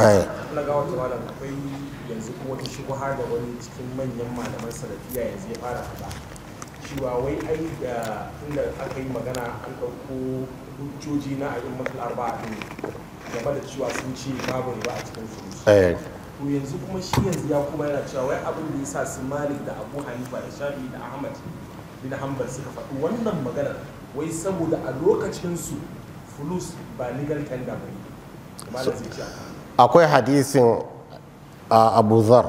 akwai yanzu wata shubuha da cikin manyan malaman salafiya yanzu ya fara faɗa cewa wai ai da inda aka yi magana an ɗauko hujjoji na ayin matul arba'a ne game da cewa sun ce babu riba a cikin su to yanzu kuma shi yanzu ya kuma yana cewa wai abin da ya sa su malik da abu hanifa da shafi da ahmad bin hanbal suka faɗi wannan maganar wai saboda a lokacin su fulus ba legal tender ba ne malam zai ce akwai hadisin a abu zar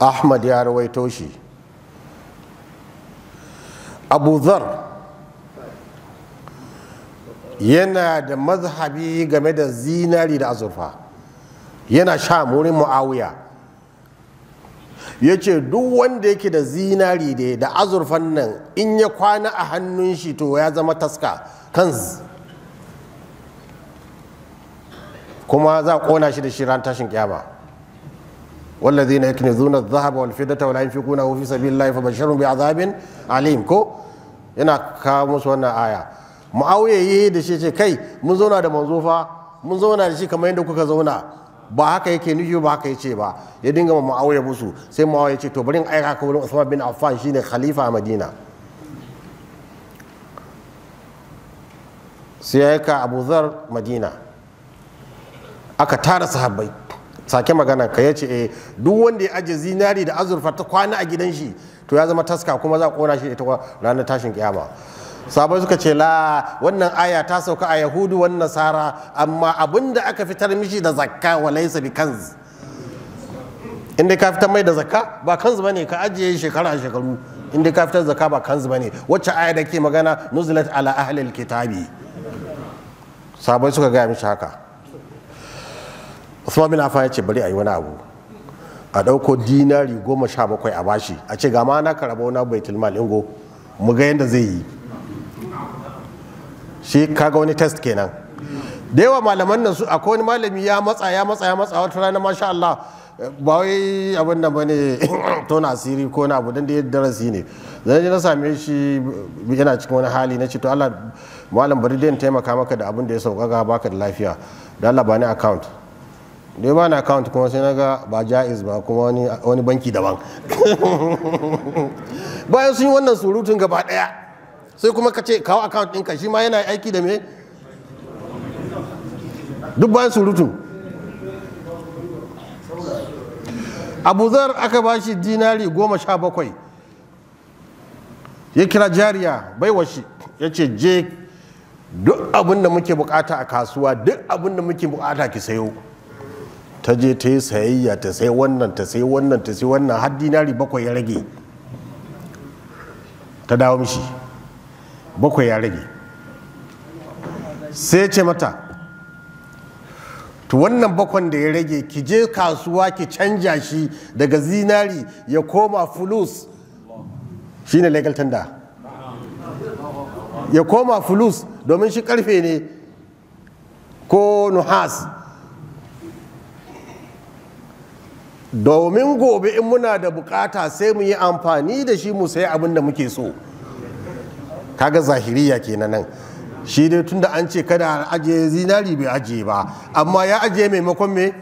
ahmad ya rawaito shi abu zar yana da mazhabi game da zinari da azurfa yana sha murin mu'awiya ya ce duk wanda yake da zinari da azurfan nan in ya kwana a hannun shi to ya zama taska kan kuma za a kona shi da shi ran tashin kiyama والذين يكنزون الذهب والفضة ولا ينفقونه في سبيل الله a بعذاب alim ko yana kawo musu wannan aya ma'auye yi da shi ce kai mun zauna da manzo fa mun zauna da shi kamar yadda kuka zauna ba haka yake nufi ba haka yace ba ya dinga ma ma'auye musu sai ma'auye ce to bari in aika ka wurin Usman bin Affan ne khalifa a Madina sai ya aika Abu Zar Madina aka tara sahabbai sake magana ka yace eh duk wanda ya aje zinari da azurfa ta kwana a gidan shi to ya zama taska kuma za a kona shi ita ranar tashin kiyama sabai suka ce la wannan aya ta sauka a yahudu wannan nasara amma abinda aka fitar mishi da zakka wa laysa bi kanz inda ka fitar mai da zakka ba kanz bane ka ajiye shekara shekaru inda ka fitar zakka ba kanz bane wacce aya da ke magana nuzulat ala ahlil kitabi sabai suka gaya mishi haka usman bin affan ya ce bari a yi wani abu a ɗauko dinari goma sha bakwai a bashi a ce ga ma na karaba wani baitul mal ingo mu ga yadda zai yi shi kaga wani test kenan da yawa malaman nan su akwai wani malami ya matsa ya matsa ya matsa wata rana masha Allah ba wai abin da bane tona asiri ko na abu dan da ya darasi ne zan ji na same shi yana cikin wani hali na ce to Allah malam bari dai in taimaka maka da abin da ya sauka ga baka da lafiya da Allah bani account dai ba na account kuma sai na ga ba ja'iz ba kuma wani banki daban bayan sun yi wannan surutun gaba daya sai kuma ka ce kawo account ɗinka shi ma yana aiki da me duk bayan surutun abu zar aka ba shi dinari goma sha bakwai ya kira jariya baiwa shi ya ce je duk abin muke bukata a kasuwa duk abinda muke bukata ki sayo ta je ta yi sayayya ta sai wannan ta sai wannan ta sai wannan har dinari bakwai ya rage ta dawo mishi bakwai ya rage sai ce mata to wannan bakwan da ya rage ki je kasuwa ki canja shi daga zinari ya koma fulus shine legal tender ya koma fulus domin shi karfe ne ko nuhas domin gobe in muna da bukata sai mu yi amfani da shi mu sayi abin da muke so kaga zahiriya kenan nan shi dai tunda an ce kada ajiye zinari bai ajiye ba amma ya ajiye maimakon me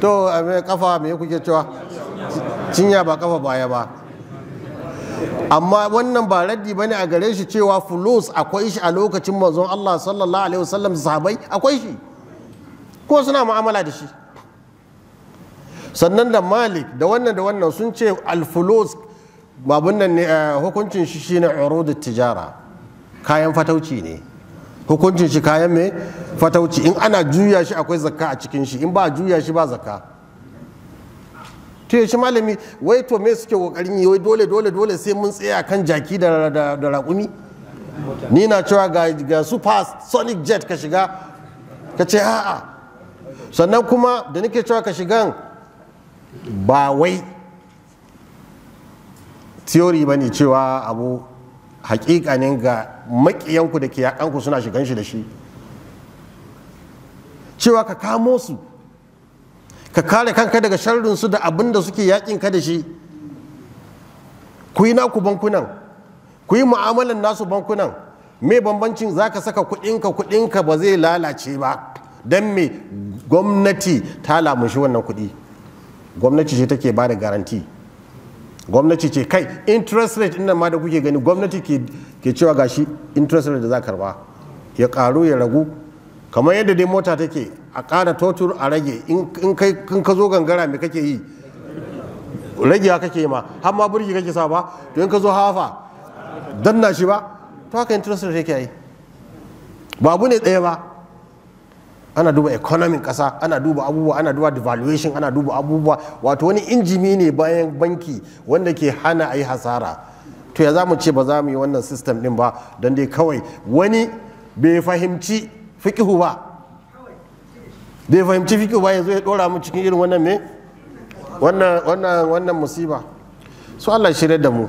to kafa me kuke cewa cinya ba kafa baya ba amma wannan ba raddi ba ne a gare shi cewa fulus akwai shi a lokacin manzon Allah sallallahu alaihi wasallam sahabai akwai shi ko suna mu'amala da shi sannan da malik da wannan da wannan sun ce alfulos babun nan ne eh, hukuncin shi shine urudut tijara kayan fatauci ne hukuncin shi kayan me fatauci in ana juya shi akwai zakka a cikin shi in ba juya shi ba zakka to shi malami wai to me suke kokarin yi wai dole dole dole sai mun tsaya kan jaki da da raƙumi ni na cewa ga ga super sonic jet ka shiga ka ce a'a sannan kuma da nake cewa ka shigan ba wai tiyori ba ne cewa abu hakikanin ga makiyanku da ke yakanku suna shigan shi da shi cewa ka kamo su ka kare kanka daga su da abin da suke yakin ka da shi ku yi naku bankunan ku yi mu'amalan nasu bankunan me bambancin za ka saka kudinka kudinka ba zai lalace ba don me gwamnati ta lamushi wannan kudi gwamnati ce take bada garanti gwamnati ce kai interest rate ɗin ma da kuke gani gwamnati ke cewa gashi interest rate da za karba ya karu ya ragu kamar yadda dai mota take a ƙara totur a rage in kai ka zo gangara me kake yi ragewa kake yi ma har ma burgi kake sa ba to in ka zo hafa danna shi ba to haka interest rate yake yi babu ne ɗaya ba ana duba economy kasa ana duba abubuwa ana duba devaluation ana duba abubuwa wato wani injimi ne bayan banki wanda ke hana a yi hasara to ya za mu ce ba za mu yi wannan system din ba don dai kawai wani bai fahimci fikihu ba bai fahimci fikihu ba ya zo ya dora mu cikin irin wannan me wannan musiba su Allah shirya da mu